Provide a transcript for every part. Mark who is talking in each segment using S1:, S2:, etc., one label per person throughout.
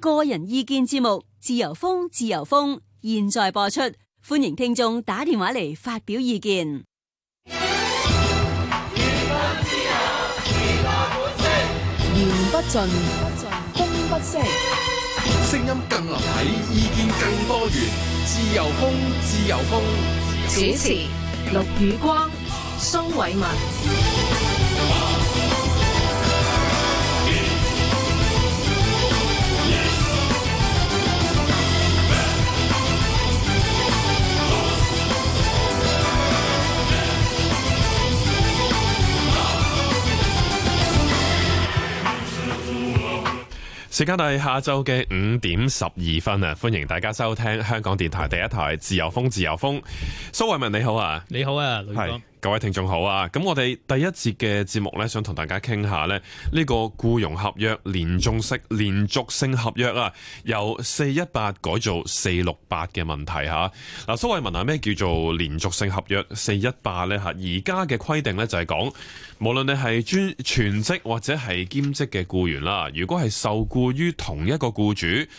S1: 個人意見節目，自由風，自由風，現在播出，歡迎聽眾打電話嚟發表意見。自由自由不言不盡，風不息，
S2: 聲音更立體，意見更多元，自由風，自
S1: 由風。由風主持：陸宇光、蘇偉文。
S3: 時間係下晝嘅五點十二分啊！歡迎大家收聽香港電台第一台《自由風》，自由風。蘇慧文你好啊，你好啊，你好。各位聽眾好啊！咁我哋第一節嘅節目呢，想同大家傾下呢呢個僱傭合約連續式連續性合約啊，由四一八改做四六八嘅問題吓嗱。所謂問下啊，咩叫做連續性合約四一八呢？吓？而家嘅規定呢，就係講，無論你係專全職或者係兼職嘅僱員啦，如果係受僱於同一個僱主。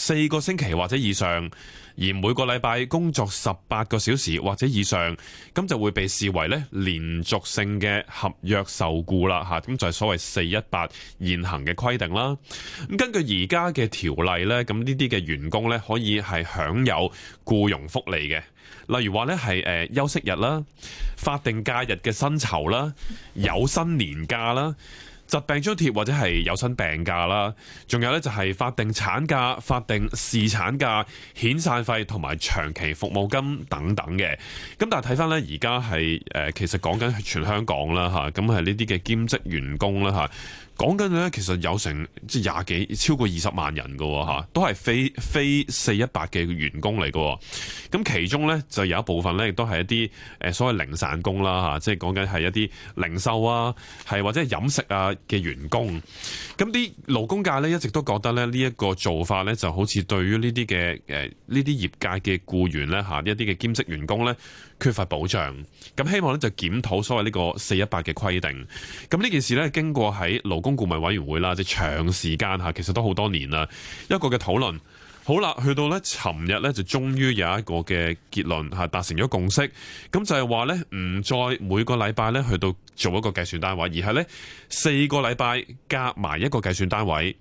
S3: 四個星期或者以上，而每個禮拜工作十八個小時或者以上，咁就會被視為咧連續性嘅合約受雇啦，吓，咁就係、是、所謂四一八現行嘅規定啦。咁根據而家嘅條例咧，咁呢啲嘅員工咧可以係享有雇傭福利嘅，例如話咧係誒休息日啦、法定假日嘅薪酬啦、有薪年假啦。疾病津貼或者係有薪病假啦，仲有咧就係法定產假、法定侍產假、遣散費同埋長期服務金等等嘅。咁但係睇翻咧，而家係誒其實講緊全香港啦嚇，咁係呢啲嘅兼職員工啦嚇。講緊咧，其實有成即係廿幾，超過二十萬人嘅吓，都係非非四一八嘅員工嚟喎。咁其中咧就有一部分咧，亦都係一啲誒所謂零散工啦吓，即係講緊係一啲零售啊，係或者係飲食啊嘅員工。咁啲勞工界咧一直都覺得咧呢一個做法咧就好似對於呢啲嘅誒呢啲業界嘅僱員咧吓，一啲嘅兼職員工咧。缺乏保障，咁希望咧就檢討所謂呢個四一八嘅規定。咁呢件事咧經過喺勞工顧問委員會啦，即係長時間吓，其實都好多年啦，一個嘅討論。好啦，去到咧，尋日咧就終於有一個嘅結論，吓達成咗共識。咁就係話咧，唔再每個禮拜咧去到做一個計算單位，而係咧四個禮拜夾埋一個計算單位。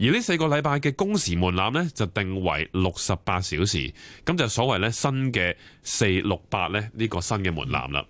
S3: 而呢四個禮拜嘅工時門檻咧，就定為六十八小時。咁就是、所謂咧新嘅四六八咧呢個新嘅門檻啦。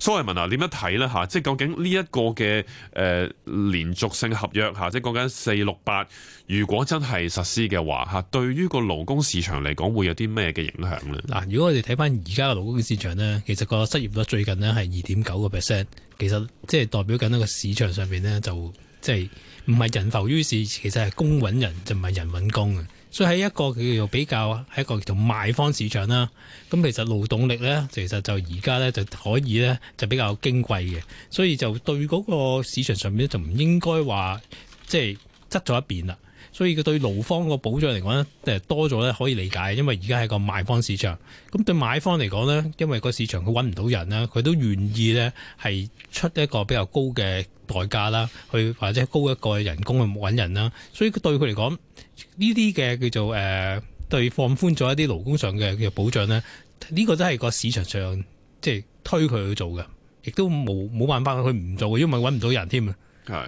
S3: 蘇慧文啊，點樣睇呢？吓？即係究竟呢一個嘅誒、呃、連續性合約吓，即係講緊四六八，如果真係實施嘅話吓，對於個勞工市場嚟講會有啲咩嘅影響呢？嗱，
S4: 如果我哋睇翻而家嘅勞工市場呢，其實個失業率最近呢係二點九個 percent，其實即係代表緊一個市場上邊呢，就即係唔係人浮於事，其實係工揾人就唔係人揾工啊。所以喺一個叫做比較，係一個叫做賣方市場啦。咁其實勞動力咧，其實就而家咧就可以咧，就比較矜貴嘅。所以就對嗰個市場上面就唔應該話即係側咗一邊啦。所以佢對勞方個保障嚟講呢，多咗呢可以理解，因為而家係個賣方市場。咁對買方嚟講呢，因為個市場佢揾唔到人啦，佢都願意呢係出一個比較高嘅代價啦，去或者高一個人工去揾人啦。所以對佢嚟講，呢啲嘅叫做誒、呃、對放寬咗一啲勞工上嘅嘅保障呢，呢、呢個都係個市場上即係推佢去做嘅，亦都冇冇辦法去唔做，因為揾唔到人添啊。
S3: 係。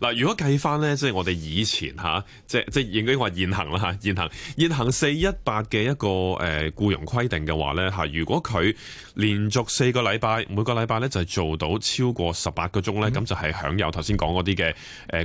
S3: 嗱，如果計翻呢，即係我哋以前嚇，即即應該話現行啦嚇，現行現行四一八嘅一個誒僱傭規定嘅話呢，如果佢連續四個禮拜，每個禮拜呢就係做到超過十八個鐘呢，咁、嗯、就係享有頭先講嗰啲嘅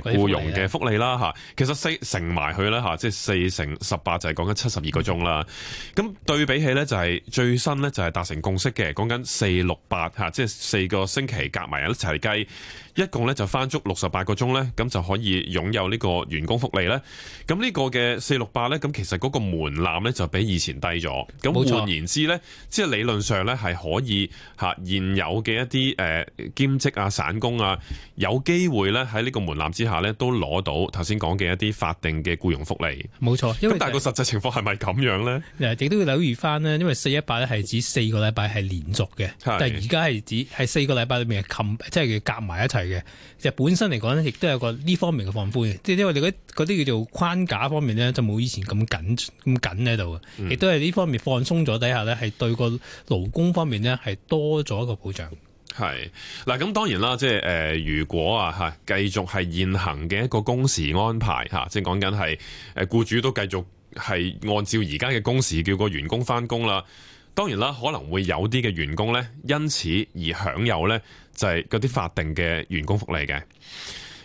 S3: 誒僱傭嘅福利啦、啊、其實四乘埋佢呢，即係四乘十八就係講緊七十二個鐘啦。咁、嗯、對比起呢、就係，就係最新呢，就係達成共識嘅，講緊四六八即係四個星期夾埋一齊計。一共咧就翻足六十八個鐘咧，咁就可以擁有呢個員工福利咧。咁呢個嘅四六八咧，咁其實嗰個門檻咧就比以前低咗。咁換言之咧，即係理論上咧係可以嚇現有嘅一啲誒、呃、兼職啊、散工啊，有機會咧喺呢個門檻之下咧都攞到頭先講嘅一啲法定嘅僱傭福利。冇錯。咁、就是、但係個實際情況係咪咁樣咧？
S4: 亦都要留意翻咧，因為四一八咧係指四個禮拜係連續嘅，但係而家係指係四個禮拜裏面冚即係夾埋一齊。係嘅，其實本身嚟講咧，亦都有個呢方面嘅放寬嘅，即係因為嗰啲嗰啲叫做框架方面咧，就冇以前咁緊咁緊喺度，亦都係呢方面放鬆咗底下咧，係對個勞工方面咧係多咗一個保障。
S3: 係，嗱咁當然啦，即係誒，如果啊係繼續係現行嘅一個工時安排吓，即係講緊係誒僱主都繼續係按照而家嘅工時叫個員工翻工啦。當然啦，可能會有啲嘅員工咧，因此而享有咧，就係嗰啲法定嘅員工福利嘅，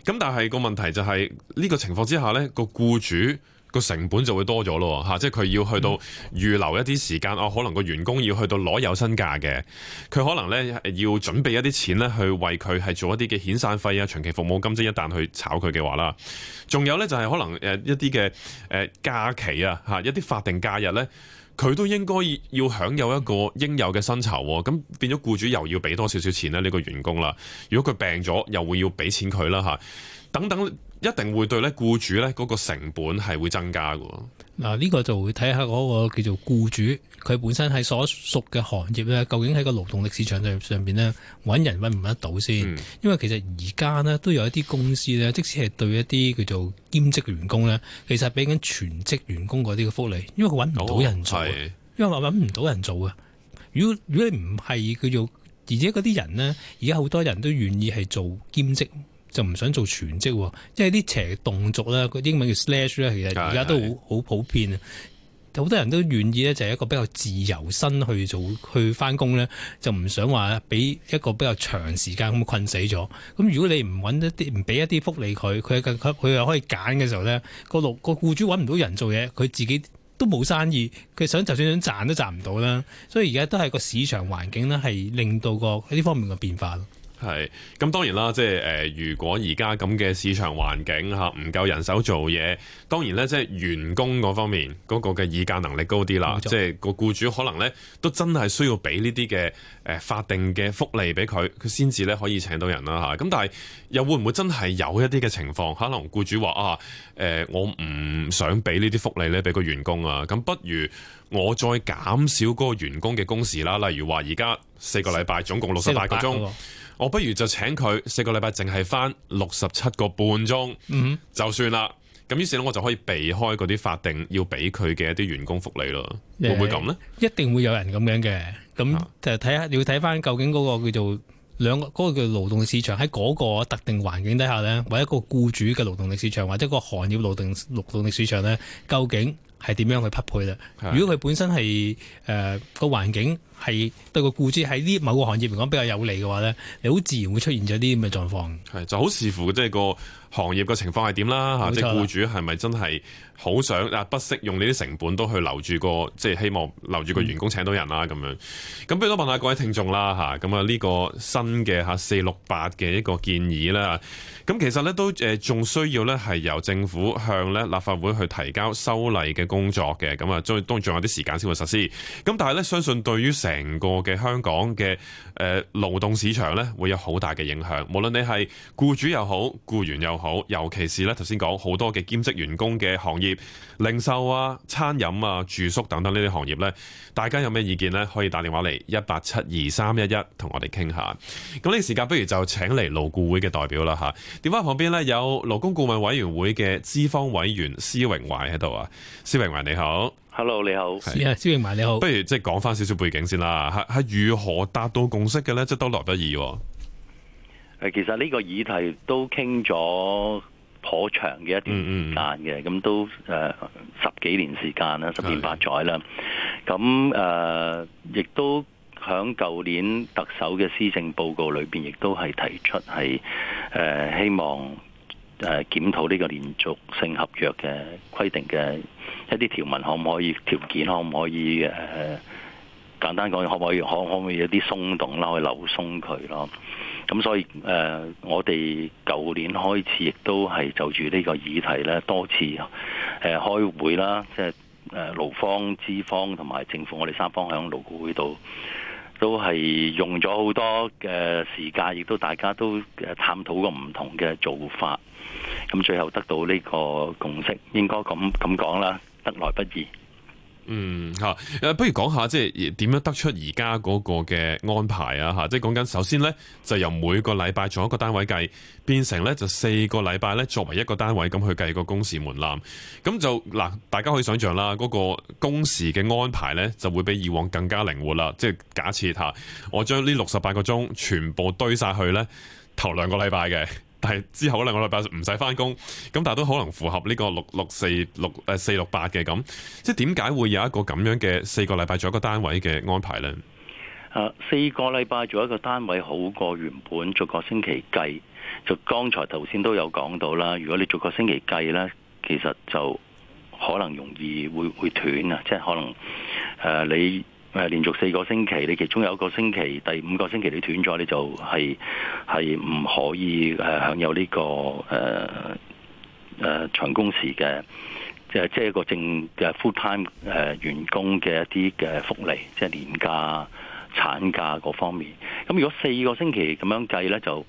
S3: 咁但係個問題就係、是、呢、這個情況之下呢個僱主個成本就會多咗咯嚇，即係佢要去到預留一啲時間，哦、嗯啊，可能個員工要去到攞有薪假嘅，佢可能呢要準備一啲錢呢去為佢係做一啲嘅遣散費啊、長期服務金，即一旦去炒佢嘅話啦，仲有呢，就係、是、可能誒一啲嘅假期啊嚇，一啲法定假日呢。佢都應該要享有一個應有嘅薪酬，咁變咗僱主又要畀多少少錢呢？呢、呢個員工啦。如果佢病咗，又會要畀錢佢啦嚇，等等。一定會對咧僱主咧嗰個成本係會增加噶。
S4: 嗱、這、呢個就會睇下嗰個叫做僱主，佢本身喺所屬嘅行業咧，究竟喺個勞動力市場上上邊咧揾人，揾唔揾得到先。嗯、因為其實而家呢，都有一啲公司咧，即使係對一啲叫做兼職員工咧，其實俾緊全職員工嗰啲嘅福利，因為佢揾唔到人做，哦，因為揾揾唔到人做啊。如果如果你唔係叫做，而且嗰啲人呢，而家好多人都願意係做兼職。就唔想做全職，因為啲邪動作啦，個英文叫 slash 啦，其實而家都好好普遍啊！好多人都願意咧，就係一個比較自由身去做去返工咧，就唔想話俾一個比較長時間咁困死咗。咁如果你唔揾一啲，唔俾一啲福利佢，佢佢又可以揀嘅時候咧，那個六個僱主揾唔到人做嘢，佢自己都冇生意，佢想就算想賺都賺唔到啦。所以而家都係個市場環境呢，係令到個呢方面嘅變化。
S3: 係，咁當然啦，即係誒如果而家咁嘅市場環境下唔夠人手做嘢，當然咧，即係員工嗰方面嗰個嘅議價能力高啲啦，即係個僱主可能咧都真係需要俾呢啲嘅。誒法、呃、定嘅福利俾佢，佢先至咧可以請到人啦嚇。咁、啊、但係又會唔會真係有一啲嘅情況，可能僱主話啊誒、呃，我唔想俾呢啲福利咧俾個員工啊，咁不如我再減少嗰個員工嘅工時啦。例如話而家四個禮拜總共六十八個鐘，我不如就請佢四個禮拜淨係返六十七個半鐘，嗯，就算啦。咁於是呢，我就可以避開嗰啲法定要俾佢嘅一啲員工福利咯。會唔會咁呢？一
S4: 定會有人咁樣嘅。咁就睇下你要睇翻究竟嗰個叫做兩個嗰個叫勞動市場喺嗰個特定環境底下呢，或者個僱主嘅勞動力市場或者個行業勞動勞動力市場呢，究竟係點樣去匹配呢？如果佢本身係誒個環境係對個僱主喺呢某個行業嚟講比較有利嘅話呢，你好自然會出現咗啲咁嘅狀況。
S3: 就好視乎即係、就是、個。行業嘅情況係點啦？吓，即係僱主係咪真係？好想啊不惜用呢啲成本都去留住個即係希望留住個員工，請到人啦咁、嗯、樣。咁不如都問下各位聽眾啦吓，咁啊呢、這個新嘅，吓四六八嘅一個建議啦。咁、啊、其實咧都誒仲、呃、需要咧係由政府向咧立法會去提交修例嘅工作嘅。咁啊，再都仲有啲時間先會實施。咁、啊、但係咧，相信對於成個嘅香港嘅誒勞動市場咧，會有好大嘅影響。無論你係僱主又好，僱員又好，尤其是咧頭先講好多嘅兼職員工嘅行業。零售啊、餐飲啊、住宿等等呢啲行業呢，大家有咩意見呢？可以打電話嚟一八七二三一一，同我哋傾下。咁呢個時間，不如就請嚟勞顧會嘅代表啦吓。電話旁邊呢，有勞工顧問委員會嘅資方委員施榮懷喺度啊。施榮懷你好，Hello 你好，係施榮懷你好。不如即係講翻少少背景先啦。係係如何達到共識嘅呢？即都來得唔易。誒，
S2: 其實呢個議題都傾咗。可長嘅一段時間嘅，咁、嗯、都誒、呃、十幾年時間啦，十年八載啦。咁誒、呃、亦都響舊年特首嘅施政報告裏邊，亦都係提出係誒、呃、希望誒、呃、檢討呢個連續性合約嘅規定嘅一啲條文可唔可以條可唔可以、呃，可唔可以條件，可唔可，可以誒簡單講，可唔可以可可唔可以有啲鬆動啦，可以留鬆佢咯？咁所以誒、呃，我哋舊年開始亦都係就住呢個議題咧，多次誒開會啦，即係誒勞方、資方同埋政府，我哋三方響勞顧會度都係用咗好多嘅時間，亦都大家都誒探討過唔同嘅做法，咁最後得到呢個共識，應該咁咁講啦，得來不易。
S3: 嗯吓，誒、啊，不如講下即係點樣得出而家嗰個嘅安排啊吓，即係講緊首先呢，就由每個禮拜做一個單位計，變成呢就四個禮拜咧作為一個單位咁去計個工時門檻。咁就嗱、啊，大家可以想象啦，嗰、那個工時嘅安排呢就會比以往更加靈活啦。即、就、係、是、假設吓、啊，我將呢六十八個鐘全部堆晒去呢頭兩個禮拜嘅。但係之後兩個禮拜唔使返工，咁但係都可能符合呢個六六四六誒、呃、四六八嘅。咁，即係點解會有一個咁樣嘅四個禮拜做一個單位嘅安排呢？
S2: 啊、呃，四個禮拜做一個單位好過原本做個星期計，就剛才頭先都有講到啦。如果你做個星期計呢，其實就可能容易會會斷啊，即係可能誒、呃、你。連續四個星期，你其中有一個星期、第五個星期你斷咗，你就係係唔可以誒享有呢個誒誒長工時嘅，即係即係一個正嘅 full time 員工嘅一啲嘅福利，即係年假、產假嗰方面。咁如果四個星期咁樣計咧，就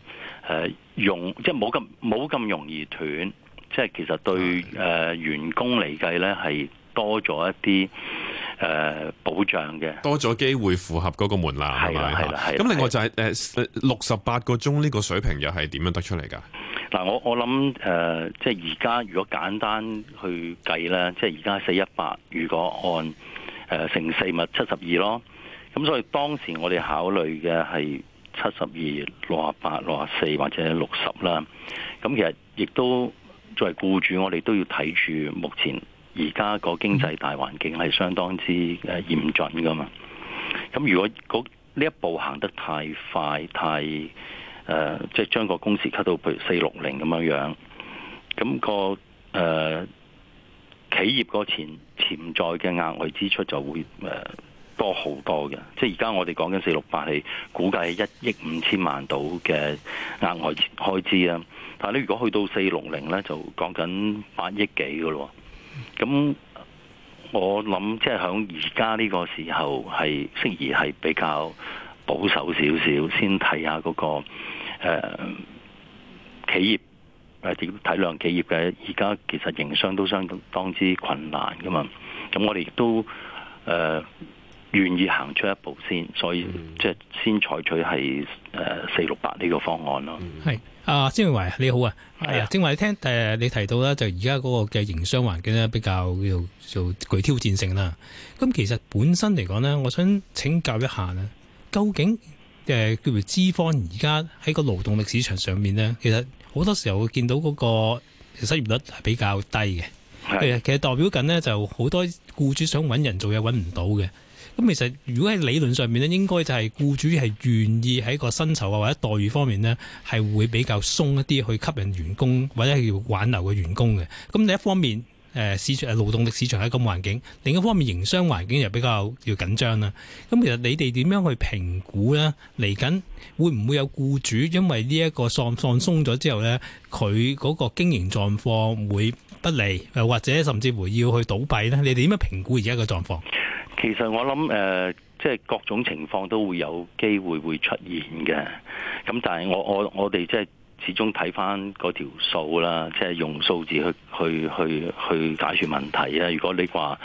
S2: 誒容即係冇咁冇咁容易斷，即係其實對誒員工嚟計咧，係多咗一啲。誒、呃、保障嘅
S3: 多咗機會符合嗰個門檻，係啦，係啦，咁另外就係誒六十八個鐘呢個水平又係點樣得出嚟㗎？嗱、
S2: 呃，我我諗誒、呃，即係而家如果簡單去計咧，即係而家四一八，如果按誒、呃、乘四咪七十二咯，咁所以當時我哋考慮嘅係七十二、六十八、六十四或者六十啦。咁其實亦都作為僱主，我哋都要睇住目前。而家個經濟大環境係相當之嚴峻噶嘛，咁如果呢一步行得太快、太誒、呃，即係將個工時 cut 到譬如四六零咁樣樣，咁、那個誒、呃、企業個潛潛在嘅額外支出就會誒多好多嘅。即係而家我哋講緊四六八係估計一億五千萬到嘅額外開支啊，但係你如果去到四六零咧，就講緊八億幾噶咯。咁我諗，即係響而家呢個時候，係適宜係比較保守少少，先睇下、那個誒、呃、企業誒點體諒企業嘅。而家其實營商都相當之困難噶嘛。咁我哋亦都誒。呃願意行出一步先，所以即係先採取係誒、呃、四六八呢個方
S4: 案咯。係啊，施榮懷你好啊，係、哎、啊，施榮懷聽、呃、你提到咧，就而家嗰個嘅營商環境咧比較叫做具挑戰性啦。咁其實本身嚟講呢，我想請教一下呢，究竟誒、呃、叫做資方而家喺個勞動力市場上面呢，其實好多時候會見到嗰個失業率係比較低嘅，係啊，其實代表緊呢，就好多僱主想搵人做嘢搵唔到嘅。咁其實如果喺理論上面咧，應該就係僱主係願意喺個薪酬啊或者待遇方面呢，係會比較鬆一啲去吸引員工或者要挽留嘅員工嘅。咁另一方面，誒市場勞動力市場喺咁環境，另一方面營商環境又比較要緊張啦。咁其實你哋點樣去評估呢？嚟緊會唔會有僱主因為呢一個放放鬆咗之後呢，佢嗰個經營狀況會不利，或者甚至乎要去倒閉呢？你哋點樣評估而家個狀況？
S2: 其實我諗誒、呃，即係各種情況都會有機會會出現嘅。咁但係我我我哋即係始終睇翻嗰條數啦，即係用數字去去去去解決問題啊。如果你話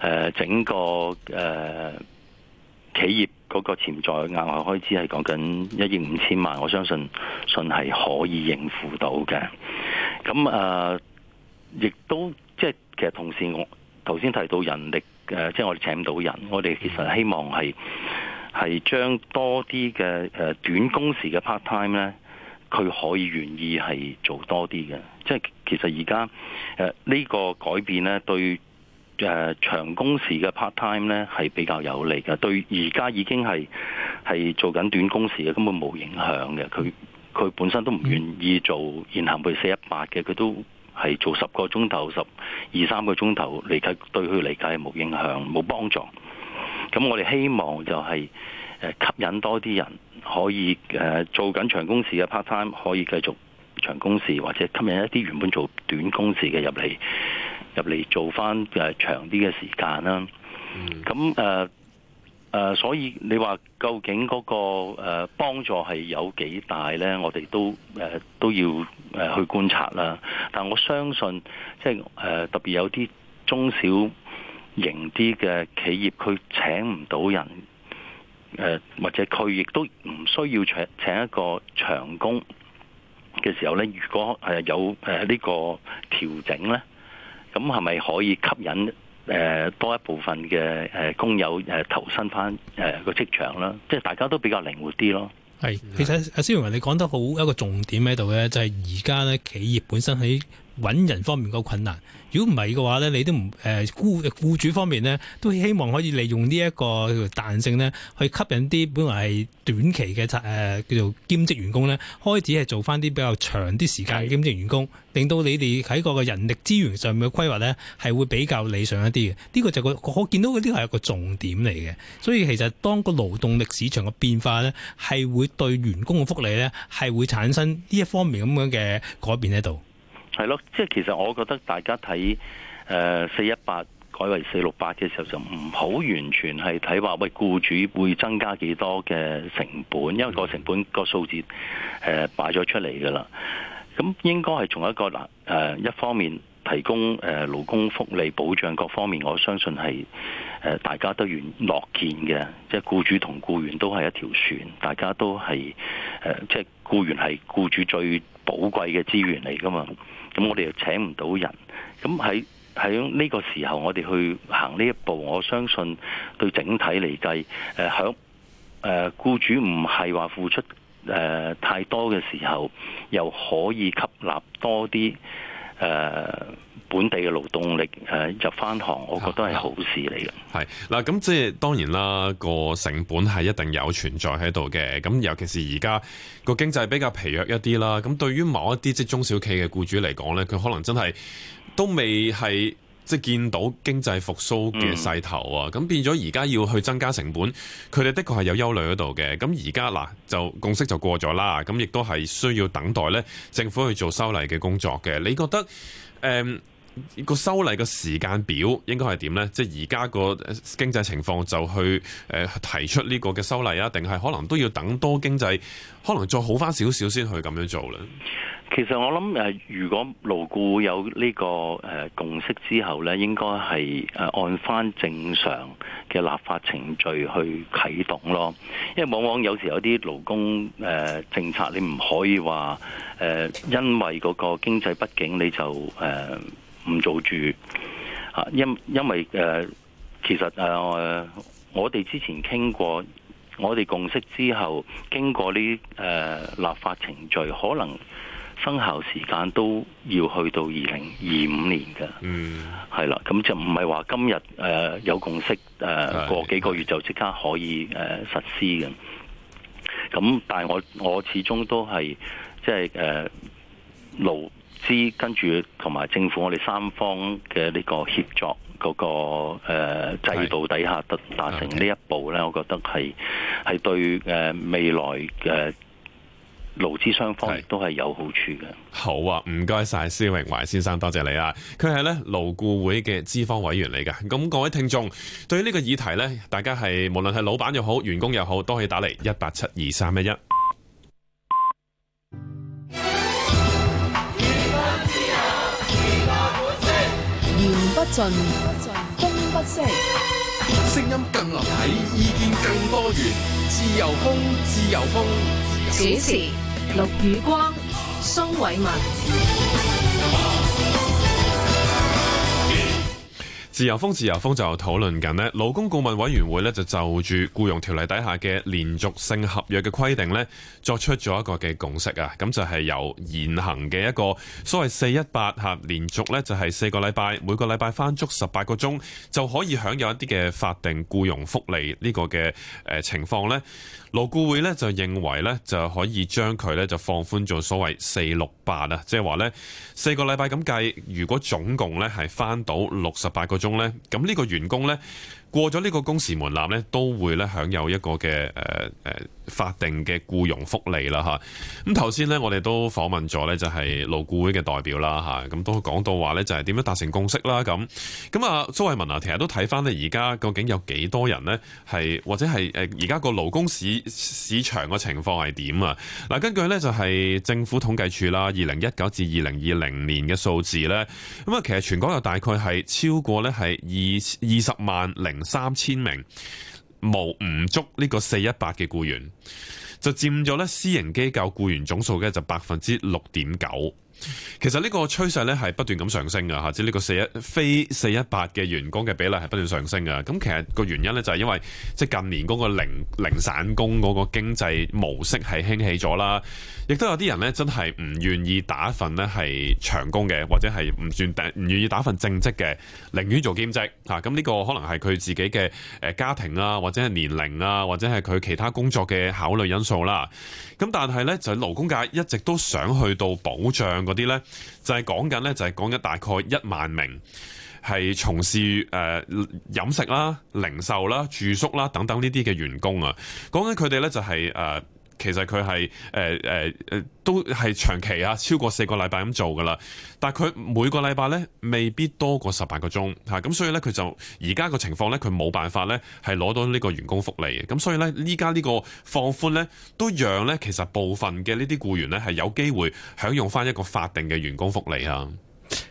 S2: 誒、呃、整個誒、呃、企業嗰個潛在額外開支係講緊一億五千萬，我相信相信係可以應付到嘅。咁啊，亦、呃、都即係其實同時我頭先提到人力。誒，即係我哋請唔到人，我哋其實希望係係將多啲嘅誒短工時嘅 part time 咧，佢可以願意係做多啲嘅。即係其實而家呢個改變咧，對、呃、長工時嘅 part time 咧係比較有利嘅。對而家已經係係做緊短工時嘅根本冇影響嘅。佢佢本身都唔願意做現行佢四一八嘅佢都。係做十個鐘頭、十二三個鐘頭嚟計，對佢嚟計係冇影響、冇幫助。咁我哋希望就係吸引多啲人可以誒、呃、做緊長工時嘅 part time，可以繼續長工時，或者吸引一啲原本做短工、呃、時嘅入嚟入嚟做翻誒長啲嘅時間啦。咁誒誒，所以你話究竟嗰、那個誒幫、呃、助係有幾大呢？我哋都誒、呃、都要。誒去觀察啦，但我相信即係誒特別有啲中小型啲嘅企業，佢請唔到人，誒或者佢亦都唔需要請請一個長工嘅時候呢，如果係有誒呢個調整呢，咁係咪可以吸引誒多一部分嘅誒工友誒投身返誒個職場啦？即係大家都比較靈活啲咯。
S4: 係，其實阿施榮懷你講得好一個重點喺度咧，就係而家咧企業本身喺搵人方面個困難，如果唔係嘅話呢，你都唔誒，雇僱主方面呢，都希望可以利用呢一個彈性呢，去吸引啲本來係短期嘅誒、呃、叫做兼職員工呢開始係做返啲比較長啲時間嘅兼職員工，令到你哋喺個人力資源上面嘅規劃呢，係會比較理想一啲嘅。呢、這個就是個我見到嗰啲係一個重點嚟嘅，所以其實當個勞動力市場嘅變化呢，係會對員工嘅福利呢，係會產生呢一方面咁樣嘅改變喺度。
S2: 係咯，即係其實我覺得大家睇誒四一八改為四六八嘅時候，就唔好完全係睇話喂，僱主會增加幾多嘅成本，因為個成本個數字誒擺咗出嚟噶啦。咁應該係從一個難誒一方面提供誒勞工福利保障各方面，我相信係誒大家都願樂見嘅。即係僱主同僱員都係一條船，大家都係誒即係僱員係僱主最寶貴嘅資源嚟噶嘛。咁我哋又請唔到人，咁喺喺呢個時候，我哋去行呢一步，我相信對整體嚟計，誒響誒僱主唔係話付出誒、呃、太多嘅時候，又可以吸納多啲誒，呃本地嘅勞動力誒入翻行，我覺得係好事嚟
S3: 嘅。嗱、啊，咁即係當然啦，個成本係一定有存在喺度嘅。咁尤其是而家、個經濟比較疲弱一啲啦。咁對於某一啲即中小企嘅僱主嚟講呢，佢可能真係都未係即係見到經濟復甦嘅勢頭啊。咁、嗯、變咗而家要去增加成本，佢哋的確係有憂慮喺度嘅。咁而家嗱就共識就過咗啦，咁亦都係需要等待呢政府去做修例嘅工作嘅。你覺得、嗯個修例嘅時間表應該係點呢？即係而家個經濟情況就去誒提出呢個嘅修例啊？定係可能都要等多經濟可能再好翻少少先去咁樣做咧？
S2: 其實我諗誒，如果勞顧有呢、這個誒、呃、共識之後呢，應該係誒按翻正常嘅立法程序去啟動咯。因為往往有時候有啲勞工誒、呃、政策，你唔可以話誒、呃，因為嗰個經濟不景你就誒。呃唔做住，因為因為、呃、其實誒、呃，我哋之前傾過，我哋共識之後，經過呢、呃、立法程序，可能生效時間都要去到二零二五年嘅，嗯，係啦，咁就唔係話今日誒、呃、有共識誒、呃，過幾個月就即刻可以誒、呃、實施嘅，咁但係我我始終都係即係誒、呃、勞，跟住同埋政府，我哋三方嘅呢個協作嗰個誒、呃、制度底下達達成呢一步咧，我覺得係係對誒、呃、未來嘅勞資雙方亦都係有好處
S3: 嘅。好啊，唔該晒施榮懷先生，多謝，謝你啊！佢係咧勞顧會嘅資方委員嚟嘅，咁各位聽眾，對於呢個議題咧，大家係無論係老闆又好，員工又好，都可以打嚟一八七二三一一。
S5: 不盡，風不息，
S2: 聲音更立體，意見更多元，自由風，自由風。主持：陸雨
S1: 光、孫偉文。
S3: 自由風，自由風就討論緊咧勞工顧問委員會咧就，就住僱傭條例底下嘅連續性合約嘅規定咧作出咗一個嘅共識啊，咁就係、是，由現行嘅一個所謂四一八吓，連續咧就係四個禮拜，每個禮拜翻足十八個鐘，就可以享有一啲嘅法定僱傭福利，呢個嘅誒情況咧。勞顧會咧就認為咧就可以將佢咧就放寬做所謂四六八啦，即係話咧四個禮拜咁計，如果總共咧係翻到六十八個鐘咧，咁呢個員工咧過咗呢個工時門檻咧，都會咧享有一個嘅誒誒法定嘅僱傭福利啦吓，咁頭先咧我哋都訪問咗咧就係勞顧會嘅代表啦吓，咁都講到話咧就係點樣達成共識啦咁。咁啊蘇偉文啊，其實都睇翻咧而家究竟有幾多人呢？係或者係而家個勞工市市場嘅情況係點啊？嗱，根據呢，就係政府統計處啦，二零一九至二零二零年嘅數字呢。咁啊其實全港有大概係超過呢，係二二十萬零三千名無唔足呢個四一八嘅僱員，就佔咗呢私營機構僱員總數嘅就百分之六點九。其實呢個趨勢咧係不斷咁上升嘅吓，即係呢個四一非四一八嘅員工嘅比例係不斷上升嘅。咁其實個原因呢就係因為即係近年嗰個零零散工嗰個經濟模式係興起咗啦，亦都有啲人呢真係唔願意打份咧係長工嘅，或者係唔算唔願意打份正職嘅，寧願做兼職吓。咁呢個可能係佢自己嘅誒家庭啊，或者係年齡啊，或者係佢其他工作嘅考慮因素啦。咁但係呢，就勞工界一直都想去到保障。嗰啲呢，就係講緊呢，就係講緊大概一萬名係從事呃、飲食啦、零售啦、住宿啦等等，呢啲嘅員工啊，講緊佢哋呢就係、是、誒。呃其實佢係誒誒誒，都係長期啊，超過四個禮拜咁做噶啦。但係佢每個禮拜咧，未必多過十八個鐘吓，咁、啊、所以咧，佢就而家個情況咧，佢冇辦法咧，係攞到呢個員工福利嘅。咁、啊、所以咧，依家呢個放寬咧，都讓咧，其實部分嘅呢啲僱員咧，係有機會享用翻一個法定嘅員工福利啊。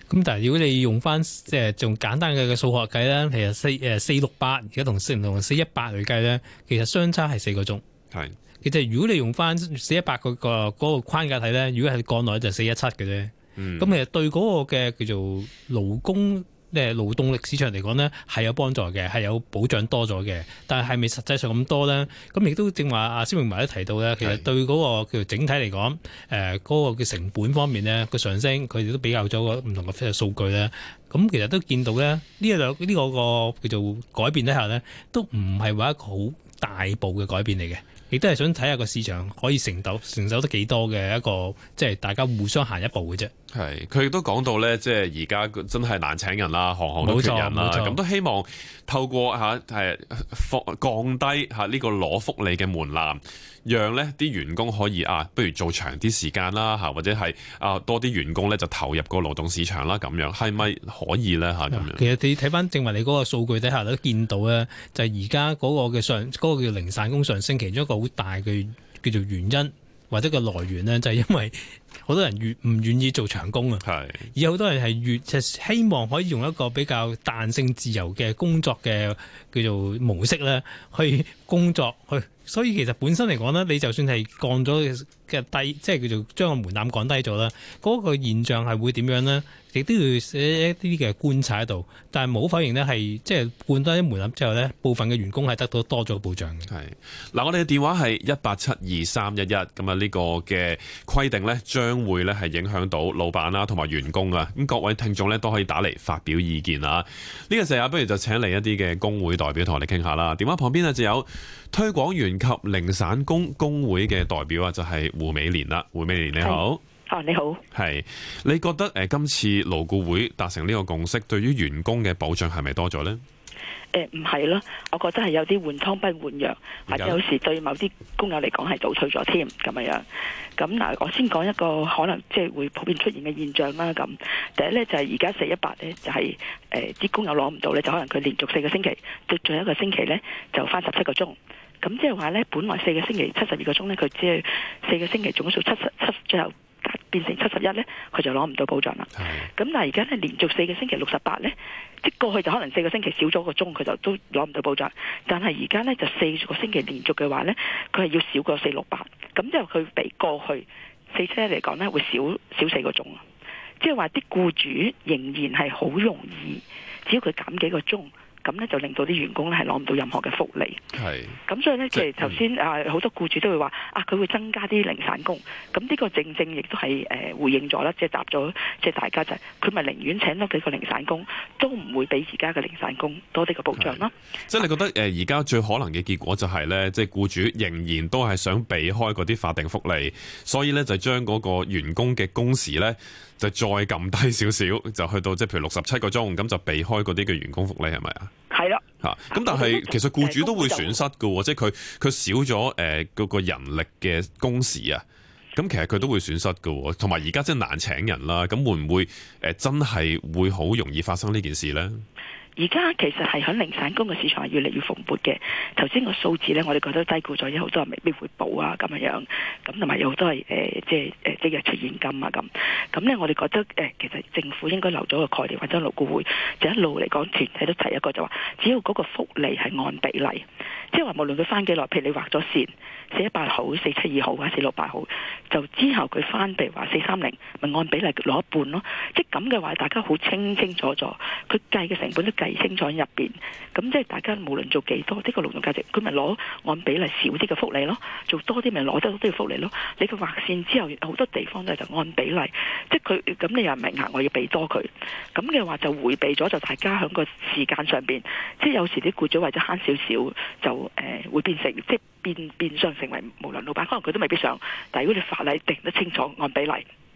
S4: 咁但係如果你用翻即係用簡單嘅嘅數學計咧，其實四誒四六八而家同四唔同四一八去計咧，其實相差係四個鐘係。是其實如果你用翻四一八個個個框架睇咧，如果係降落就四一七嘅啫。咁、嗯、其實對嗰個嘅叫做勞工誒勞動力市場嚟講咧，係有幫助嘅，係有保障多咗嘅。但係係咪實際上咁多咧？咁亦都正話阿蕭明華都提到咧，其實對嗰個叫整體嚟講，誒、呃、嗰、嗰個嘅成本方面咧個上升，佢哋都比較咗唔同嘅數據咧。咁其實都見到咧，呢、呢、呢個、呢個叫做改變一下咧，都唔係話一個好大步嘅改變嚟嘅。亦都係想睇下個市場可以承受承受得幾多嘅一個，即係大家互相行一步嘅啫。
S3: 係，佢亦都講到咧，即係而家真係難請人啦，行行都缺人啦。咁都希望透過嚇誒、啊、降低嚇呢個攞福利嘅門檻，讓呢啲員工可以啊，不如做長啲時間啦，嚇、啊、或者係啊多啲員工咧就投入個勞動市場啦，咁樣係咪可以咧嚇咁樣？
S4: 其實你睇翻正話你嗰個數據底下都見到咧，就係而家嗰個嘅上嗰、嗰個叫零散工上升，其中一個。好大嘅叫做原因或者個來源咧，就係因為。好多人願唔願意做長工啊？而好多人係願即係、希望可以用一個比較彈性自由嘅工作嘅叫做模式咧去工作去，所以其實本身嚟講呢，你就算係降咗嘅低，即係叫做將個門檻降低咗啦，嗰、嗰個現象係會點樣呢？亦都要寫一啲嘅觀察喺度，但係冇否認呢？係即係降低門檻之後呢，部分嘅員工係得到多咗保
S3: 障嘅。嗱，我哋嘅電話係一八七二三一一咁啊，呢個嘅規定咧。將會咧係影響到老闆啦，同埋員工啊，咁各位聽眾咧都可以打嚟發表意見啊。呢個時候不如就請嚟一啲嘅工會代表同我哋傾下啦。電話旁邊啊就有推廣員及零散工工會嘅代表啊，就係、是、胡美蓮啦。胡美蓮你好，啊你好，係你覺得誒今次勞顧會達成呢個共識，對於員工嘅保障係咪多咗呢？
S5: 誒、欸，唔係咯，我覺得係有啲換湯不換藥，或者有時對某啲工友嚟講係倒退咗添，咁樣。咁嗱，我先講一個可能即係會普遍出現嘅現象啦。咁第一咧就係而家四一八咧就係、是、誒，啲、呃、工友攞唔到咧，就可能佢連續四個星期，再最後一個星期咧就返十七個鐘。咁即係話咧，本來四個星期七十二個鐘咧，佢只係四個星期總數七十七最後。變成七十一咧，佢就攞唔到保障啦。咁但係而家咧，連續四個星期六十八咧，即過去就可能四個星期少咗個鐘，佢就都攞唔到保障。但係而家咧就四個星期連續嘅話咧，佢係要少過四六八，咁就佢比過去四七一嚟講咧會少少四個鐘啊。即係話啲僱主仍然係好容易，只要佢減幾個鐘。咁咧就令到啲員工咧係攞唔到任何嘅福利。
S1: 係。
S5: 咁所以咧，即係頭先誒好多僱主都會話啊，佢會增加啲零散工。咁呢個正正亦都係誒回應咗啦，即係答咗，即係大家就佢咪寧願請多幾個零散工，都唔會比而家嘅零散工多啲嘅保障咯。
S3: 即係你覺得誒而家最可能嘅結果就係咧，即係僱主仍然都係想避開嗰啲法定福利，所以咧就將嗰個員工嘅工時咧。就再撳低少少，就去到即係譬如六十七個鐘，咁就避開嗰啲嘅員工福利係咪啊？係啦，咁、嗯、但係其實僱主都會損失㗎喎、嗯，即係佢佢少咗誒嗰個人力嘅工時啊，咁、嗯嗯、其實佢都會損失喎，同埋而家真係難請人啦，咁會唔會誒、呃、真係會好容易發生呢件事咧？
S5: 而家其實係喺零散工嘅市場係越嚟越蓬勃嘅。頭先個數字呢，我哋覺得低估咗，有好多人未必會補啊咁樣樣，咁同埋有好多係誒、呃、即係、呃、即日出現金啊咁。咁呢，我哋覺得誒、呃、其實政府應該留咗個概念，或者勞顧會就一路嚟講，全體都提一個就話，只要嗰個福利係按比例。即係話無論佢翻幾耐，譬如你劃咗線，四一八好、四七二好或者四六八好，就之後佢翻，譬如話四三零，咪按比例攞一半咯。即係咁嘅話，大家好清清楚楚，佢計嘅成本都計清楚喺入邊。咁即係大家無論做幾多，呢個勞動價值，佢咪攞按比例少啲嘅福利咯。做多啲咪攞多啲嘅福利咯。你個劃線之後，好多地方都係就按比例。即係佢咁，你又唔係額外要俾多佢。咁嘅話就迴避咗，就大家喺個時間上邊，即係有時啲雇主或者慳少少就。誒，會變成即係變變相成為老，無論老闆可能佢都未必想。但係如果你法例定得清楚按比例，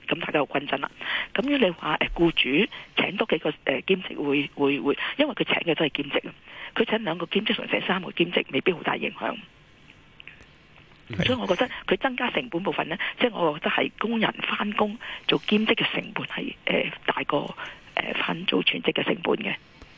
S5: 咁大家好均真啦。咁如果你話誒，僱主請多幾個誒兼職會會會，因為佢請嘅都係兼職，佢請兩個兼職，同至請三個兼職，未必好大影響。所以我覺得佢增加成本部分呢，即係我覺得係工人翻工做兼職嘅成本係誒、呃、大過誒翻做全職嘅成本嘅。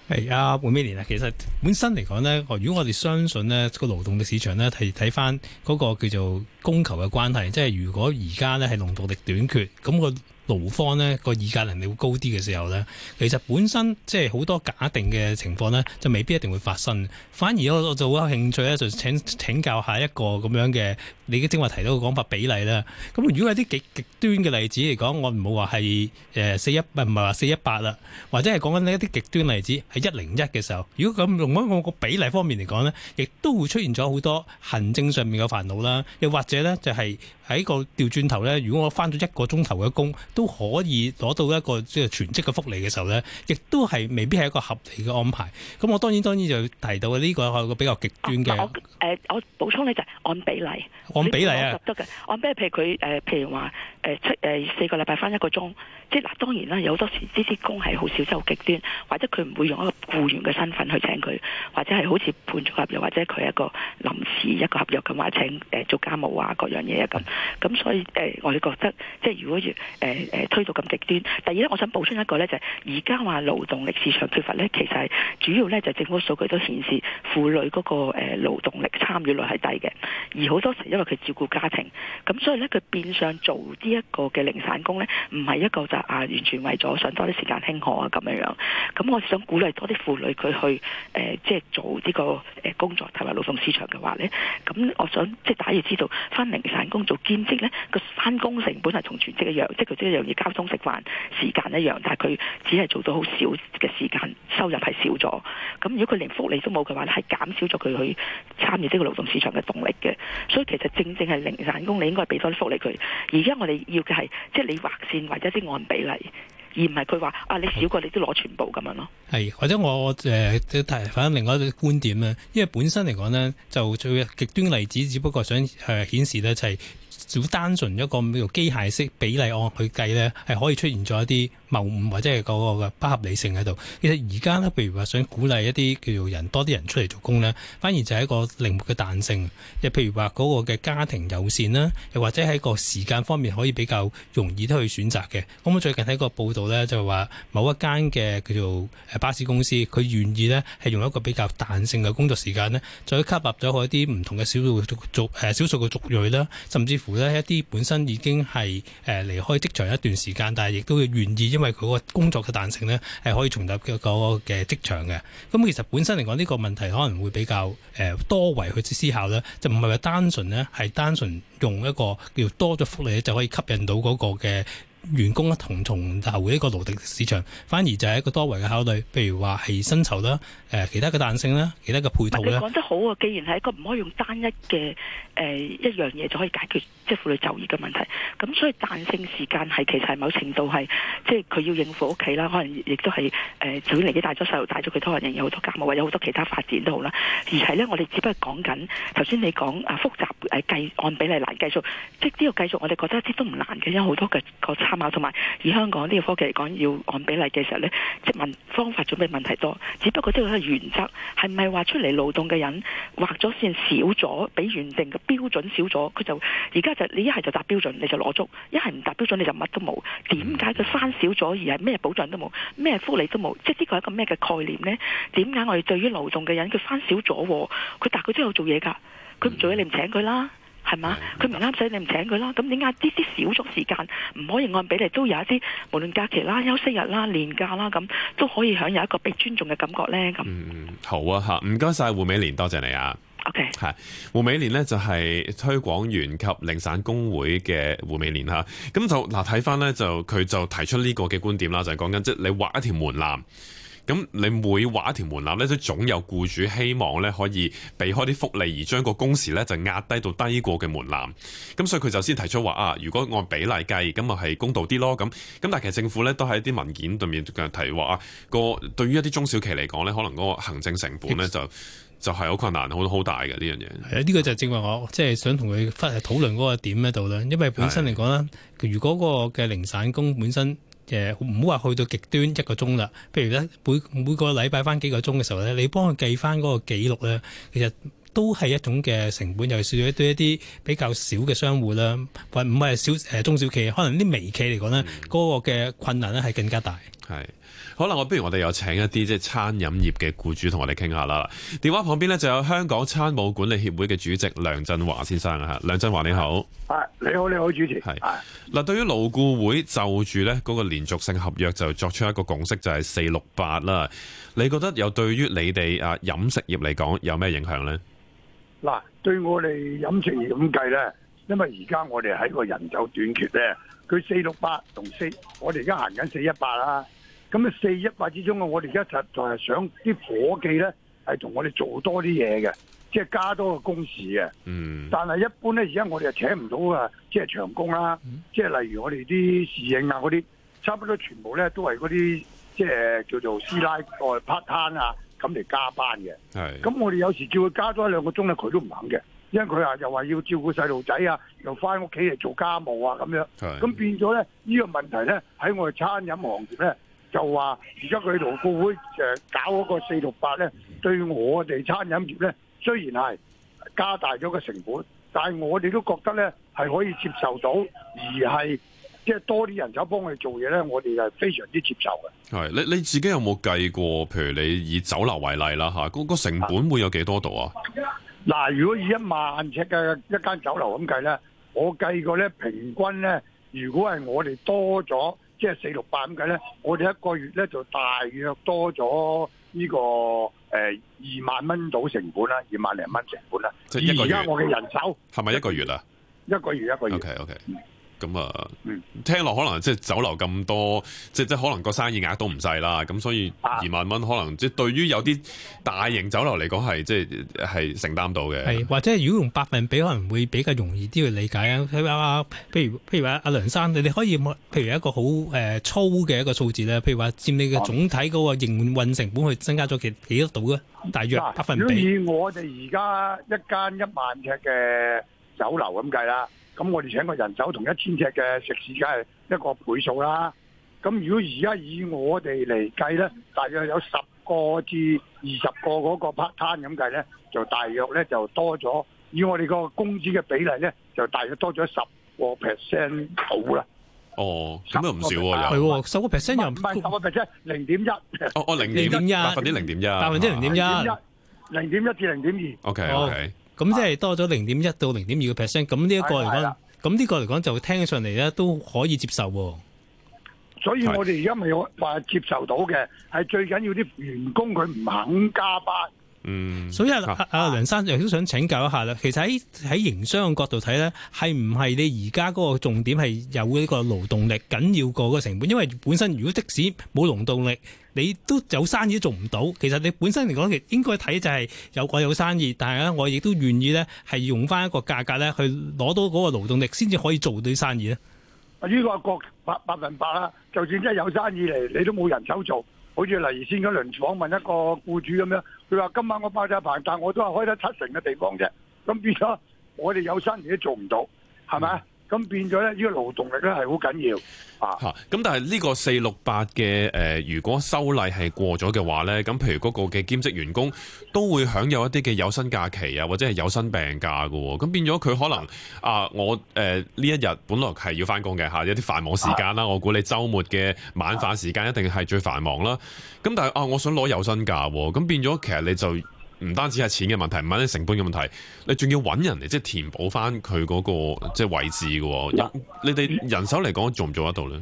S4: 係啊，會咩年啊？其實本身嚟講咧，如果我哋相信咧個勞動力市場咧，係睇翻嗰個叫做供求嘅關係，即係如果而家咧係勞動力短缺，咁個勞方呢個議價能力會高啲嘅時候呢，其實本身即係好多假定嘅情況呢，就未必一定會發生。反而我就好有興趣咧，就請，請教下一個咁樣嘅，你啲正話提到嘅講法比例啦，咁如果有啲極端嘅例子嚟講，我唔好話係四一唔係話四一八啦，或者係講緊呢一啲極端例子係一零一嘅時候。如果咁用一個個比例方面嚟講呢，亦都會出現咗好多行政上面嘅煩惱啦。又或者呢，就係喺個調轉頭呢，如果我翻咗一個鐘頭嘅工。都可以攞到一個即係全職嘅福利嘅時候咧，亦都係未必係一個合理嘅安排。咁我當然當然就提到呢、呢個係個比較極端嘅、啊。我、
S5: 呃、我補充咧就按比例，
S4: 按比例啊，得
S5: 嘅。按比例，譬如佢誒、呃、譬如話誒出誒四個禮拜翻一個鐘，即嗱當然啦，有好多時呢啲工係好少，收極端，或者佢唔會用一個僱員嘅身份去請佢，或者係好似判咗合約又或者佢一個臨時一個合約咁話請誒、呃、做家務啊各樣嘢咁。咁所以誒、呃，我哋覺得即係如果要。誒、呃。誒推到咁極端。第二咧，我想補充一個咧，就係而家話勞動力市場缺乏咧，其實係主要咧就政府數據都顯示婦女嗰個誒勞動力參與率係低嘅。而好多時因為佢照顧家庭，咁所以咧佢變相做呢一個嘅零散工咧，唔係一個就、啊、完全為咗想多啲時間傾荷啊咁樣樣。咁我想鼓勵多啲婦女佢去、呃、即係做呢個工作同埋勞動市場嘅話咧，咁我想即係大家要知道，翻零散工做兼職咧，個翻工成本係同全職一樣，即係佢容易交通食飯時間一樣，但係佢只係做到好少嘅時間，收入係少咗。咁如果佢連福利都冇嘅話，係減少咗佢去參與呢個勞動市場嘅動力嘅。所以其實正正係零散工，你應該俾多啲福利佢。而家我哋要嘅係，即係你劃線或者啲按比例，而唔係佢話啊你少過你都攞全部咁樣咯。
S4: 係或者我誒，都呃提翻另外一啲觀點啊。因為本身嚟講咧，就最極端例子，只不過想誒顯示咧就係。少單純一個叫做機械式比例案去計呢，係可以出現咗一啲謬誤或者係嗰個嘅不合理性喺度。其實而家呢，譬如話想鼓勵一啲叫做人多啲人出嚟做工呢，反而就係一個靈活嘅彈性。又譬如話嗰個嘅家庭友善啦，又或者喺個時間方面可以比較容易都去選擇嘅。咁我最近睇個報道呢，就係話某一間嘅叫做巴士公司，佢願意呢係用一個比較彈性嘅工作時間呢，就去吸入咗一啲唔同嘅少數族誒少數嘅族裔啦，甚至。咧一啲本身已經係誒離開職場一段時間，但係亦都會願意，因為佢個工作嘅彈性呢係可以重入個個嘅職場嘅。咁其實本身嚟講，呢個問題可能會比較誒多維去思考咧，就唔係話單純呢，係單純用一個叫多咗福利就可以吸引到嗰個嘅。員工咧同從後一個勞動市場，反而就係一個多維嘅考慮，譬如話係薪酬啦，誒其他嘅彈性啦，其他嘅配套咧。講得
S5: 好啊！既然係一個唔可以用單一嘅誒、呃、一樣嘢就可以解決，即係婦女就業、是、嘅問題，咁所以彈性時間係其實係某程度係，即係佢要應付屋企啦，可能亦都係誒，由、呃、於啲大咗細路大咗，佢多人人有好多家務，或者好多其他發展都好啦。而係呢，我哋只不過講緊，頭先你講啊複雜誒計按比例難計數，即係呢個計數我哋覺得一啲都唔難嘅，因為好多嘅個差同埋，以香港呢個科技嚟講，要按比例嘅時候呢，即問方法準備問題多。只不過即個原則係唔係話出嚟勞動嘅人畫咗線少咗，比原定嘅標準少咗，佢就而家就你一係就達標準你就攞足，一係唔達標準你就乜都冇。點解佢番少咗而係咩保障都冇，咩福利都冇？即呢個係一個咩嘅概念呢？點解我哋對於勞動嘅人佢番少咗？佢大概都有做嘢噶，佢唔做嘢你唔請佢啦？係嘛？佢唔啱使你唔請佢啦。咁點解啲啲少咗時間，唔可以按比例都有一啲，無論假期啦、休息日啦、年假啦，咁都可以享有一個被尊重嘅感覺咧？咁
S3: 嗯，好啊，吓唔該晒胡美蓮，多謝，謝你啊。OK，係胡美蓮呢就係推廣員及零散工工會嘅胡美蓮吓。咁就嗱睇翻呢，就佢、是、就，就，就提出呢個嘅觀點啦，就係講緊即係你畫一條門檻。咁你每畫一條門檻咧，都總有僱主希望咧可以避開啲福利，而將個工時咧就壓低到低過嘅門檻。咁所以佢就先提出話啊，如果按比例計，咁咪係公道啲咯。咁咁但係其實政府咧都喺啲文件對面提話啊，個對於一啲中小企嚟講咧，可能嗰個行政成本咧就就係好困難，好好大嘅呢樣嘢。係啊，呢個
S4: 就係正話我即係想同佢翻嚟討論嗰個點喺度啦。因為本身嚟講咧，如果嗰個嘅零散工本身。誒唔好話去到極端一個鐘啦，譬如咧每每個禮拜翻幾個鐘嘅時,時候咧，你幫佢計翻嗰個記錄咧，其實都係一種嘅成本，尤其是對一啲比較少嘅商戶啦，或唔係小誒中小企，可能啲微企嚟講呢，嗰、嗯、個嘅困難呢係更加大。係。
S3: 可能我不如我哋有請一啲即係餐飲業嘅僱主同我哋傾下啦。電話旁邊呢就有香港餐務管理協會嘅主席梁振華先生。梁振華你好，啊
S6: 你好你好，主持係。
S3: 嗱、啊，對於勞僱會就住呢嗰個連續性合約就作出一個共識，就係四六八啦。你覺得有對於你哋啊飲食業嚟講有咩影響呢？嗱，
S6: 對我哋飲食業咁計呢，因為而家我哋喺個人手短缺呢，佢四六八同四，我哋而家行緊四一八啦咁啊，四一八之中啊，我哋而家實就係想啲伙計咧，係同我哋做多啲嘢嘅，即係加多個工時嘅。
S2: 嗯。
S6: 但係一般咧，而家我哋係請唔到啊，即係長工啦。即係例如我哋啲侍應啊嗰啲，差不多全部咧都係嗰啲即係叫做師奶外 part time 啊咁嚟、啊、加班嘅。係。咁我哋有時叫佢加多一兩個鐘咧，佢都唔肯嘅，因為佢啊又話要照顧細路仔啊，又翻屋企嚟做家務啊咁樣。咁變咗咧，呢、呢個問題咧喺我哋餐飲行業咧。就話而家佢勞顧會誒搞嗰個四六八咧，對我哋餐飲業咧，雖然係加大咗個成本，但係我哋都覺得咧係可以接受到，而係即係多啲人走幫佢做嘢咧，我哋係非常之接受嘅。
S3: 係，你你自己有冇計過？譬如你以酒樓為例啦嚇，個個成本會有幾多度啊？嗱，如果以一
S6: 萬尺嘅一間酒樓咁計咧，我計過咧，平均咧，如果係我哋多咗。即係四六八咁計咧，我哋一個月咧就大約多咗呢個誒二萬蚊到成本啦，二萬零蚊成本啦。
S3: 即係一個月。而家我嘅人手係咪一個月啊？一個月一個月。OK OK、嗯。咁啊，聽落可能即係酒樓咁多，即即可能個生意額都唔細啦。咁所以二萬蚊可能即係對於有啲大型酒樓嚟講係即係承擔到嘅。係
S4: 或者如果用百分比可能會比較容易啲去理解啊。譬如譬如譬如話阿梁生，你哋可以譬如一個好誒粗嘅一個數字咧，譬如話佔你嘅總體嗰個營運成本去增加咗幾幾多度咧？大約百分比。
S6: 我哋而家一間一萬尺嘅酒樓咁計啦。咁我哋請個人手同一千呎嘅食肆，梗係一個倍數啦。咁如果而家以我哋嚟計咧，大約有十個至二十個嗰個 part time 咁計咧，就大約咧就多咗。以我哋個工資嘅比例咧，就大約多咗十個 percent 度啦。
S4: 哦，咁都唔少喎，係喎，又十個 percent 又唔
S6: 係十個 percent，零點一。哦哦，零點一，百分之零點一，百
S4: 分之零點一，
S6: 零點一至零點二。OK OK。
S4: 咁即係多咗零點一到零點二個 percent，咁呢一個嚟講，咁呢個嚟講就會聽上嚟咧都可以接受啊。
S6: 所以我哋而家未話接受到嘅，係最緊要啲
S4: 員工佢唔肯加班。嗯，所以阿、啊、阿梁生亦都想請教一下啦。其實喺喺營商嘅角度睇咧，係唔係你而家嗰個重點係有呢個勞動力緊要過個成本？因為本身如果即使冇勞動力，你都有生意都做唔到。其實你本身嚟講，其實應該睇就係有我有生意，但係咧我亦都願意咧係用返一個價格咧去攞到嗰個勞動力，先至可以做啲生意咧。呢、呢個
S6: 百百分百啦，就算真係有生意嚟，你都冇人手做。好似黎如先嗰輪廠問一個雇主咁樣，佢話今晚我爆炸棚，但係我都係開得七成嘅地方啫。咁變咗，我哋有生意都做唔到，係咪啊？嗯
S3: 咁變咗咧，呢個勞動力咧係好緊要啊！咁、嚇、但係呢個四六八嘅誒，如果修例係過咗嘅話咧，咁譬如嗰個嘅兼職員工都會享有一啲嘅有薪假期啊，或者係有薪病假㗎喎、啊。咁變咗佢可能啊，我呢、呃、一日本來係要返工嘅嚇，有、啊、啲繁忙時間啦。我估你週末嘅晚飯時間一定係最繁忙啦、啊。咁但係啊，我想攞有薪假喎。咁變咗其實你就。唔單止係錢嘅問題，唔單止成本嘅問題，你仲要揾人嚟，即係填補翻佢嗰個即係位置嘅、嗯。你哋人手嚟講，做唔做得到咧？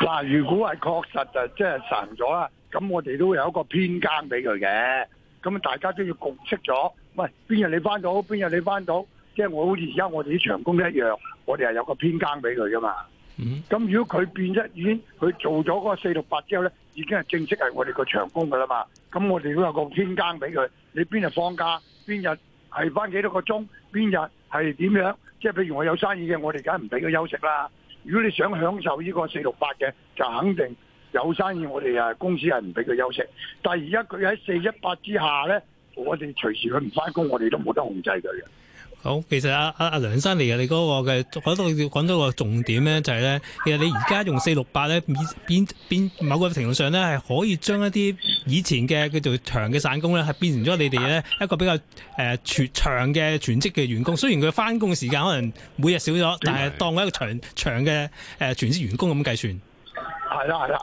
S6: 嗱，如果係確實就即係神咗啦，咁我哋都會有一個偏更俾佢嘅。咁大家都要共識咗，喂，邊日你翻到，邊日你翻到，即係我好似而家我哋啲長工一樣，我哋係有一個偏更俾佢嘅嘛。咁、嗯、如果佢變咗已經，佢做咗嗰四六八之後咧，已經係正式係我哋個長工嘅啦嘛。咁我哋都有一個偏更俾佢。你邊日放假？邊日係翻幾多個鐘？邊日係點樣？即係譬如我有生意嘅，我哋梗係唔俾佢休息啦。如果你想享受呢個四六八嘅，就肯定有生意，我哋啊公司係唔俾佢休息。但係而家佢喺四一八之下呢，我哋隨時佢唔翻工，我哋都冇得控制佢嘅。
S4: 好，其實阿阿阿梁生嚟嘅，你嗰、那個嘅講到講到個重點咧，就係、是、咧，其實你而家用四六八咧，變變某個程度上咧，係可以將一啲以前嘅叫做長嘅散工咧，係變成咗你哋咧一個比較誒、呃、全長嘅全職嘅員工。雖然佢翻工時間可能每日少咗，但係當一個長長嘅誒、呃、全職員工咁計算。
S6: 係啦，係啦。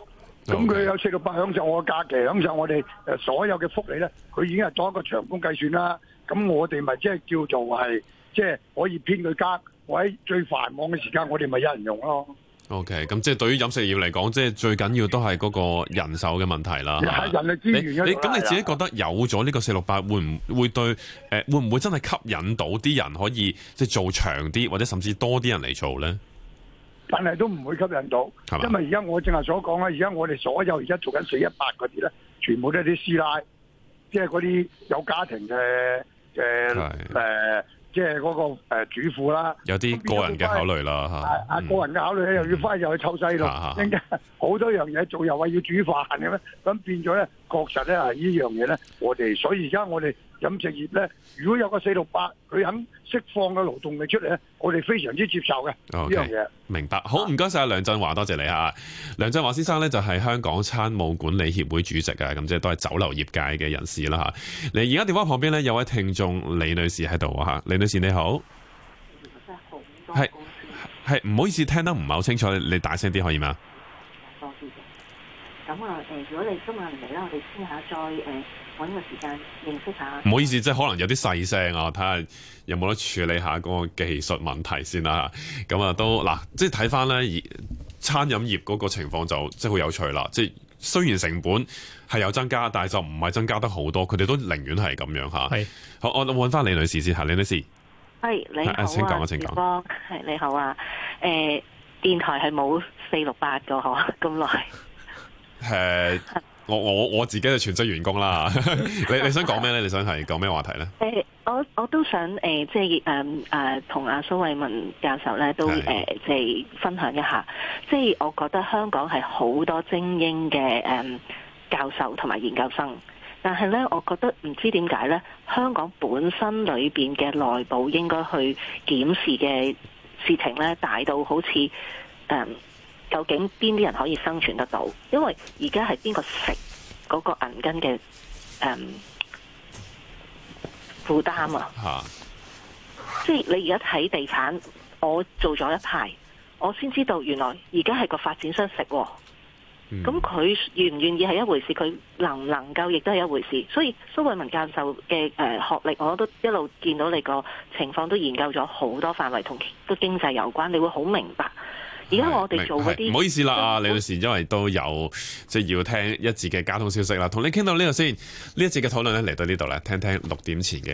S6: 咁、okay. 佢有四六八享受我嘅假期，享受我哋誒所有嘅福利咧，佢已經係做一個長工計算啦。咁我哋咪即係叫做係，即、就、係、是、可以編佢加。我喺最繁忙嘅時間，我哋咪有人用咯。
S3: O K，咁即係對於飲食業嚟講，即係最緊要都係嗰個人手嘅問題啦。人力資
S6: 源咁，你，你自己覺
S3: 得有咗呢個四六八，會唔會對？誒、呃，會唔會真係吸引到啲人可以即係做長啲，或者甚至多啲人嚟做咧？
S6: 但係都唔會吸引到，因為而家我正係所講啦。而家我哋所有而家做緊四一八嗰啲咧，全部都係啲師奶，即係嗰啲有家庭嘅嘅即係嗰、呃、個主婦啦，
S3: 有啲個人嘅考慮啦
S6: 啊，啊個人嘅考慮又要翻去、嗯、又要去湊細路，陣間好、嗯、 多樣嘢做，又話要煮飯嘅咩，咁變咗咧。確實咧，係呢樣嘢咧，我哋所以而家我哋飲食業咧，如果有個四六八，佢肯釋放嘅勞動力出嚟咧，我哋非常之接受嘅呢、okay, 樣
S3: 嘢。明白，好唔該晒梁振華，多謝,謝你啊，梁振華先生咧就係香港餐務管理協會主席啊，咁即係都係酒樓業界嘅人士啦吓。嚟而家電話旁邊咧有位聽眾李女士喺度啊，吓李女士你好，係係唔好意思聽得唔係好清楚，你大聲啲可以嗎？
S1: 咁啊，如果你今日嚟啦，我哋先
S3: 下再誒揾、呃、個時間認識下。唔好意思，即係可能有啲細聲啊，睇下有冇得處理下嗰個技術問題先啦。咁啊，啊，都嗱、啊，即係睇翻咧，而餐飲業嗰個情況就即係好有趣啦。即係雖然成本係有增加，但係就唔係增加得好多。佢哋都寧願係咁樣嚇。係、啊，好，我揾翻李女士先嚇，李女士，
S1: 係你請講啊，請講，係你、啊啊、你好啊，誒、欸，電台係冇四六八個嗬，咁、啊、耐。
S3: 誒、uh,，我我我自己係全職員工啦。 你你想講咩咧？你想係講咩話題咧？
S1: 誒、uh,，我我都想誒，uh, 即係誒誒，同阿蘇慧文教授咧都誒，uh, 即係、uh. 分享一下。即係我覺得香港係好多精英嘅誒、um, 教授同埋研究生，但係咧，我覺得唔知點解咧，香港本身裏邊嘅內部應該去檢視嘅事情咧，大到好似誒。Um, 究竟邊啲人可以生存得到？因為而家係邊個食嗰個銀根嘅誒負擔啊？啊即係你而家睇地產，我做咗一排，我先知道原來而家係個發展商食，啊。咁、嗯、佢願唔願意係一回事，佢能唔能夠亦都係一回事。所以蘇慧文教授嘅誒、呃、學歷，我都一路見到你個情況，都研究咗好多範圍，同都經濟有關，你會好明白。而家我哋做嗰啲，唔好意思
S3: 啦，啊李女士，你因為都有即係、就是、要聽一節嘅交通消息啦。同你傾到呢度先，呢一節嘅討論咧嚟到呢度啦，聽聽六點前嘅。